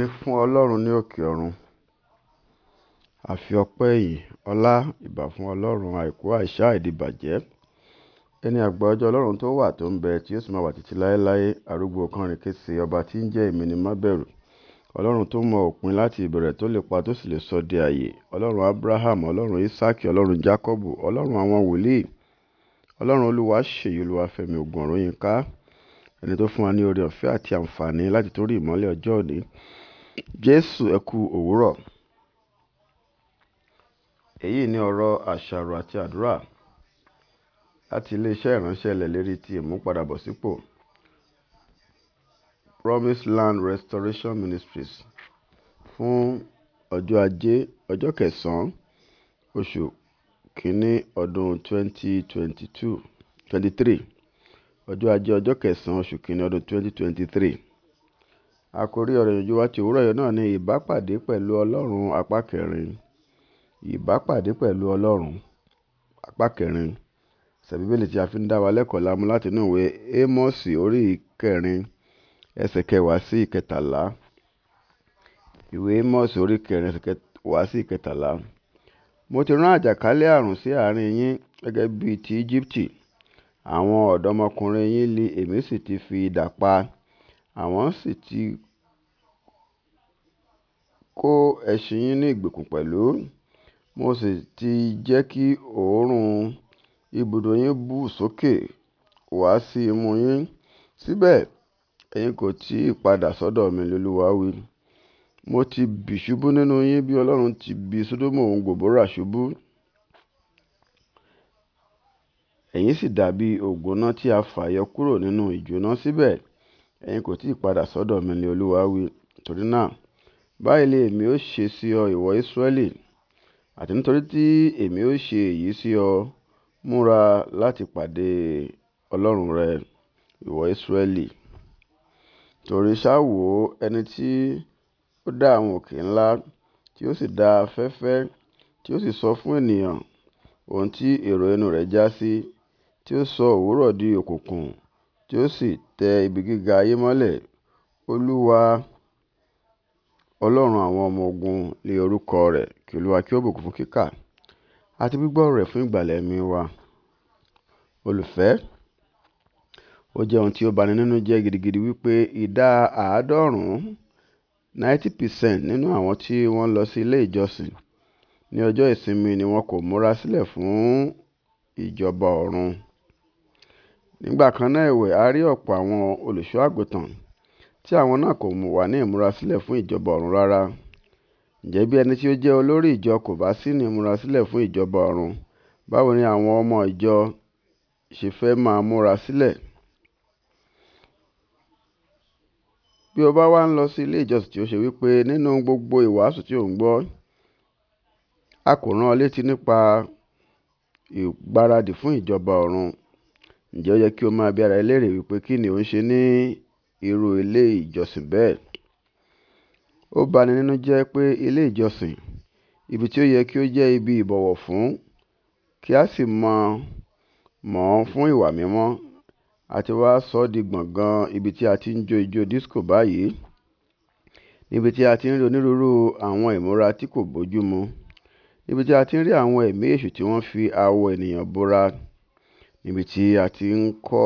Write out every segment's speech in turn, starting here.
ni fún Ọlọ́run ní òkè ọ̀run. Àfi ọpẹ́ ìyìn, ọlá, ìbà fún Ọlọ́run àìkú àìsà ìdìbàjẹ́. Ẹni àgbà ọjọ́ Ọlọ́run tó wà tó ń bẹ tí ó sì máa wà títí láéláé. Arúgbó kánrin kése ọba tí ń jẹ́ èmi ni má bẹ̀rù. Ọlọ́run tó mọ òpin láti ìbẹ̀rẹ̀ tó lè pa tó sì lè sọ di ààyè. Ọlọ́run Abraham, Ọlọ́run Isaac Ọlọ́run Jacob Ọlọ́run àwọn wòlíì. Ọlọ́run Olúwaṣeyì Olúwafẹ́mi Ògùn ọ̀rúyìnká. Ẹni tó fún wa ní oore ọ̀fẹ́ àti àǹfààní láti tun ìmọ́lẹ̀ ọjọ́ òní. Jésù ẹ kú òwúrọ̀. Èyí ni ọ̀rọ̀ àṣàrò àti àdúrà láti iléeṣẹ́ ìránṣẹ́ ilẹ̀ lérí ti ìmúpadàbọ̀sípò Promise Land Restoration Ministries fún ọjọ́ ajé ọjọ́ kẹsàn-án oṣù kínní ọdún 2022 23 ọjọ́ ajé ọjọ́ kẹsàn-án oṣù kínní ọdún 2023. Àkórí ọ̀rọ̀ ìyànjú wa ti òwúrọ̀ yìí náà ni ìbápàdé pẹ̀lú Ọlọ́run apá kẹrin. Ìbápàdé pẹ̀lú Ọlọ́run apá kẹrin. Ẹsẹ̀ Bíbélì tí a fi ń dá wa lẹ́kọ̀ọ́ la mú láti inú ìwé Ámọ́sì orí kẹrin ẹsẹ̀ kẹwàá sí ìkẹtàlá. Ìwé Ámọ́sì orí kẹrin ẹsẹ̀ kẹwàá sí ìkẹtàlá. Mo ti rán àjàkálẹ̀ àrùn sí àárín yín gẹ́gẹ́ bí ti Ejibiti. Àwọn ọ̀dọ́mọkùnrin yín lì èmi sì ti fi idà pa àwọn sì ti kó ẹṣin yín ní ìgbèkùn pẹ̀lú, mo sì ti jẹ́ kí òórùn ibùdó yín bú sókè wá sí imú yín, síbẹ̀ ẹ̀yin kò tíì padà sọ́dọ̀ mi,” ni Olúwa wí. “Mo ti bì ṣubú nínú yín bí Ọlọ́run ti bi Sodomu òun Gomorra ṣubú, ẹ̀yin sì dàbí ògbóná tí a fà kúrò nínú ìjóná síbẹ̀. Ẹ̀yin kò tí padà sọ́dọ̀ mi ni Olúwa wí. Torí náà, báyìí ni èmi ó ṣe sí ọ, ìwọ Israẹli, àti nítorí tí èmi ó ṣe èyí sí ọ, múra láti pàdé Ọlọ́run rẹ, ìwọ Israẹli. Torí sá ẹni tí ó dá àwọn òkè ńlá, tí ó sì dá afẹ́fẹ́, tí ó sì sọ fún ènìyàn ohun tí èrò inú rẹ̀ já sí, tí ó sọ òwúrọ̀ di òkùnkùn tí ó sì tẹ ibi gíga ayé mọ́lẹ̀. Olúwa Ọlọ́run àwọn ọmọ ogun ni orúkọ rẹ̀. Kí Olúwa kí ó bùkún fún kíkà àti gbígbọ́ rẹ̀ fún ìgbàlẹ̀ ẹ̀mí wa. Olùfẹ́, ó jẹ́ ohun tí ó bani nínú jẹ́ gidigidi wípé ìdá àádọ́rùn-ún ninety percent nínú àwọn tí wọ́n lọ sí ilé ìjọsìn ní ọjọ́ ìsinmi ni wọn kò múra sílẹ̀ fún ìjọba ọ̀run nígbà kan náà ẹ̀wẹ̀ a rí ọ̀pọ̀ àwọn olùṣọ́-àgùntàn tí àwọn náà kò wà ní ìmúrasílẹ̀ fún ìjọba ọ̀run rárá. Ǹjẹ́ bí ẹni tí ó jẹ́ olórí ìjọ kò bá sí ní ìmúrasílẹ̀ fún ìjọba ọ̀run, báwo ni àwọn ọmọ ìjọ ṣe fẹ́ máa múra sílẹ̀? Bí o bá wá ń lọ sí ilé ìjọsìn tí ó ṣe wípé nínú gbogbo ìwàásù tí ò ń gbọ́, a kò rán ọ létí nípa ìgbáradì fún ìjọba ọ̀run. Ǹjẹ́ ó yẹ kí o máa bi ara rẹ léèrè wípé kínni ò ń ṣe ní irú ilé ìjọsìn bẹ́ẹ̀? Ó bani nínú jẹ́ pé ilé ìjọsìn, ibi tí ó yẹ kí ó jẹ́ ibi ìbọ̀wọ̀ fún, kí a sì mọ̀ mọ̀ fún ìwà mímọ́, àti wá sọ di gbọ̀ngàn ibi tí a ti ń jó ijó disco báyìí, níbi tí a ti ń rí onírúurú àwọn ìmúra tí kò bójú mu, níbi tí a ti ń rí àwọn ẹ̀mí èṣù tí wọ́n fi awọ ènìyàn bora níbi tí a ti ń kọ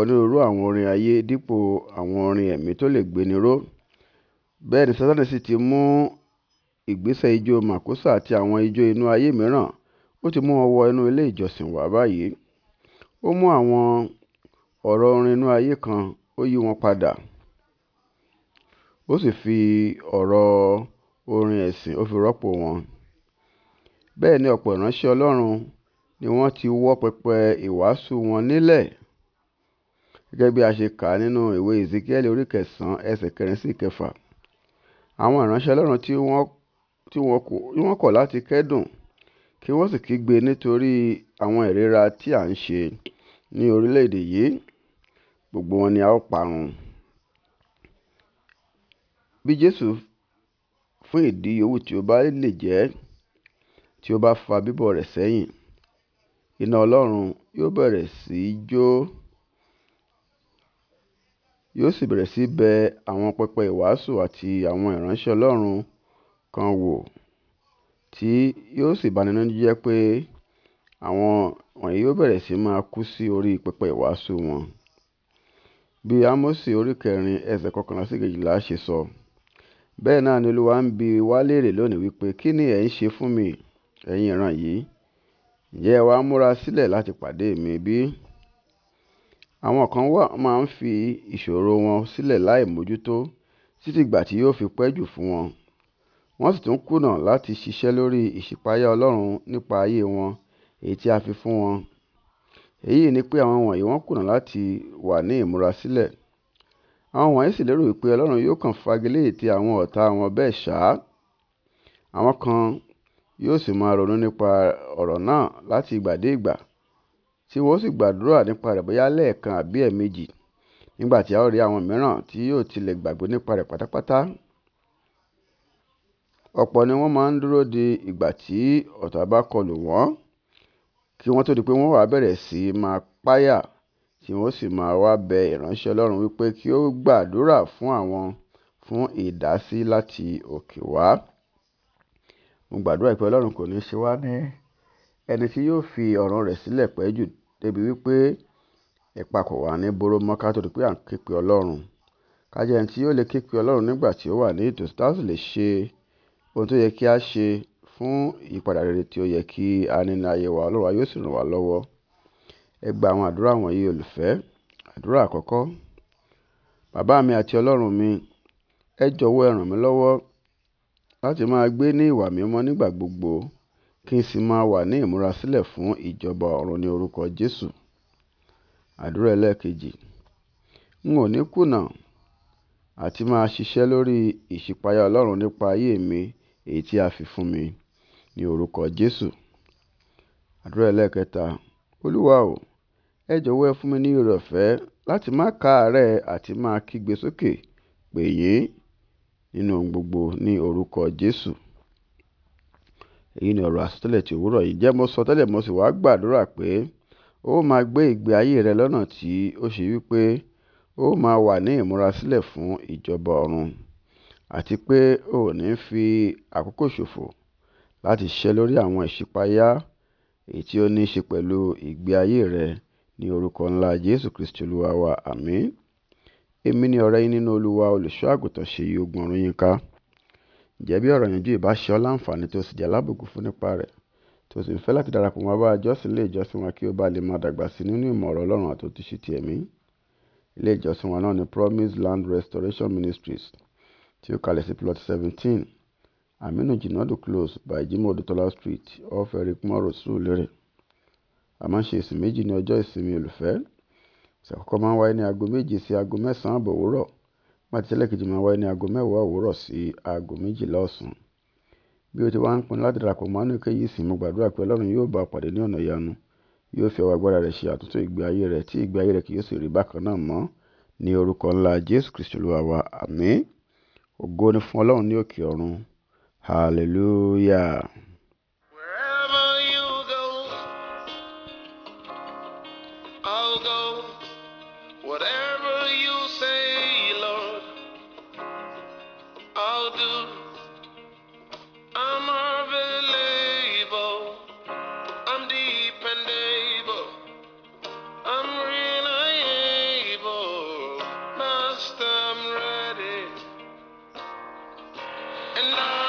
onírúurú àwọn orin ayé dípò àwọn orin ẹ̀mí tó lè gbéni ró. Bẹ́ẹ̀ ni Sátánì sì ti mú ìgbésẹ̀ ijó màkúsà àti àwọn ijó inú ayé mìíràn, ó ti mú wọn wọ inú ilé ìjọsìn wa báyìí. Ó mú àwọn ọ̀rọ̀ orin inú ayé kan, ó yí wọn padà. Ó sì fi ọ̀rọ̀ orin ẹ̀sìn, ó fi rọ́pò wọn. Bẹ́ẹ̀ ni ọ̀pọ̀ ìránṣẹ́ Ọlọ́run ni wọ́n ti wọ́ pẹpẹ ìwàásù wọn nílẹ̀ gẹ́gẹ́ bí a ṣe kà á nínú ìwé ezekiel orí kẹsàn-án ẹsẹ̀ kẹrin sí kẹfà àwọn ìránṣẹ́ ọlọ́run tí wọ́n tí wọ́n kọ̀ láti kẹ́dùn kí wọ́n sì kígbe nítorí àwọn ìríra tí à ń ṣe ní orílẹ̀-èdè yìí gbogbo wọn ni a ó parun bí jésù fún ìdí yòówù tí ó bá lè jẹ́ tí ó bá fa bíbọ̀ rẹ̀ sẹ́yìn iná Ọlọ́run yóò bẹ̀rẹ̀ sí í jó, yóò sì bẹ̀rẹ̀ sí í bẹ àwọn pẹpẹ ìwàásù àti àwọn ìránṣẹ́ Ọlọ́run kan wò, tí yóò sì bani nínú jẹ́ pé àwọn wọ̀nyí yóò bẹ̀rẹ̀ sí máa kú sí orí pẹpẹ ìwàásù wọn. Bí Ámósì orí kẹrin ẹsẹ̀ kọkànlá sí kejìlá ṣe sọ, bẹ́ẹ̀ náà ni Olúwa ń bi wá léèrè lónìí wípé, Kí ni ẹ̀ ń ṣe fún mi, ẹ̀yin ìran yìí? Ǹjẹ́ ẹ wá múra sílẹ̀ láti pàdé mi bí? Àwọn kan wà máa ń fi ìṣòro wọn sílẹ̀ láì mójútó títí ìgbà tí yóò fi pẹ́ jù fún wọn. Wọ́n sì tún kùnà láti ṣiṣẹ́ lórí ìṣípayá Ọlọ́run nípa ayé wọn èyí tí a fi fún wọn. Èyí ni pé àwọn wọ̀nyí wọ́n kùnà láti wà ní ìmúra sílẹ̀. Àwọn wọ̀nyí sì lérò wípé Ọlọ́run yóò kàn fagilé ètè àwọn ọ̀tá wọn bẹ́ẹ̀ ṣá. Àwọn kan yóò sì máa ronú nípa ọ̀rọ̀ náà láti ìgbà dé ìgbà, tí wọn ó sì gbàdúrà nípa rẹ̀ bóyá lẹ́ẹ̀kan àbí ẹ̀ẹ̀mejì, nígbà tí a ó rí àwọn mìíràn tí yóò tilẹ̀ gbàgbé nípa rẹ̀ pátápátá. Ọ̀pọ̀ ni wọ́n máa ń dúró de ìgbà tí ọ̀tá bá kọlù wọ́n, kí wọ́n tó di pé wọ́n wá bẹ̀rẹ̀ sí máa páyà, tí wọn ó sì máa wá bẹ ìránṣẹ́ Ọlọ́run wípé kí ó gbàdúrà fún àwọn fún ìdásí láti òkè wá mo gbàdúrà pé ọlọ́run kò ní ṣe wá ní ẹni tí yóò fi ọ̀ràn rẹ̀ sílẹ̀ pẹ́ jù débi wípé ẹ̀pà kò wà ní boro mọ́ ká torí pé à ń képe ọlọ́run. Ká jẹ́ ẹni tí yóò lè képe ọlọ́run nígbà tí ó wà ní ìtòsí tá sì lè ṣe ohun tó yẹ kí a ṣe fún ìyípadà rere tí ó yẹ kí a ní ní ayé wa. Ọlọ́run wa yóò sì ràn wá lọ́wọ́. Ẹ gba àwọn àdúrà wọ̀nyí olùfẹ́. Àdúrà àkọ́kọ́. Bàbá mi àti ọlọ́run mi, ẹ jọ̀wọ́ ẹ ràn mí lọ́wọ́ láti máa gbé ní ìwà mímọ́ nígbà gbogbo kí n sì máa wà ní ìmúrasílẹ̀ fún ìjọba ọ̀run ní orúkọ Jésù. Àdúrà ẹlẹ́ẹ̀kejì, n ò ní kùnà àti máa ṣiṣẹ́ lórí ìṣípayá Ọlọ́run nípa ayé mi èyí tí a fi fún mi ní orúkọ Jésù. Àdúrà ẹlẹ́ẹ̀kẹta, Olúwa o, ẹ jọ̀wọ́ ẹ fún mi ní oore ọ̀fẹ́ láti má káàárẹ̀ àti máa kígbe sókè pè yín nínú ohun gbogbo ní orúkọ Jésù. Èyí ni ọ̀rọ̀ àsọtẹ́lẹ̀ ti òwúrọ̀ yìí. Jẹ́ mo sọ tẹ́lẹ̀ mo sì wá gbàdúrà pé ó máa gbé ìgbé ayé rẹ lọ́nà tí ó ṣe wípé ó máa wà ní ìmúrasílẹ̀ fún ìjọba ọ̀run àti pé o ò ní fi àkókò ṣòfò láti ṣiṣẹ́ lórí àwọn ìṣípayá èyí tí ó ní í ṣe pẹ̀lú ìgbé ayé rẹ ní orúkọ ńlá Jésù Kristi Olúwa wa. Àmín. Èmi ni ọ̀rẹ́ yín nínú Olúwa olùṣọ́-àgùntàn Ṣèyí Ogun Ọ̀rúnyìnká. Ǹjẹ́ bí ọ̀rọ̀ ìyànjú yìí bá ṣe ọ́ láǹfààní tó sì jẹ́ alábùkún fún nípa rẹ̀, tó sì ń fẹ́ láti darapọ̀ mọ́ bá ìjọsìn ilé ìjọsìn wa kí o bá lè máa dàgbà sí nínú ìmọ̀ Ọlọ́run àti ti ẹ̀mí. Ilé ìjọsìn wa náà ni Promise Land Restoration Ministries tí ó kalẹ̀ sí Plot seventeen. Aminu Jinadu Close by Jimoh Odutola Street, off Eric Moro, Surulere. A máa ń ṣe ìsìn méjì ní ọjọ́ ìsinmi olùfẹ́ àkọ́kọ́ máa ń wáyé ní aago méje sí aago mẹ́sàn-án àbọ̀ òwúrọ̀. Nígbà tí ẹlẹ́ẹ̀kejì máa ń wáyé ní aago mẹ́wàá òwúrọ̀ sí aago méjìlá ọ̀sán. Bí o ti wá ń pinnu láti darapọ̀ mọ́ àánú èkéyìí ìsìn, mo gbàdúrà pé Ọlọ́run yóò bá a pàdé ní ọ̀nà ìyanu. Yóò fi ọwọ́ agbára rẹ̀ ṣe àtúntò ìgbé ayé rẹ tí ìgbé ayé rẹ kì yóò sì rí bákan náà mọ́. Ní orúkọ ńlá Jésù Kristi Olúwa wa, àmín. Ògo ni fún Ọlọ́run ní òkè ọ̀run. Hallelujah. Wherever you go, I'll go. Whatever you say, Lord, I'll do. I'm available. I'm dependable. I'm reliable. Master, I'm ready. And I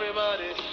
everybody.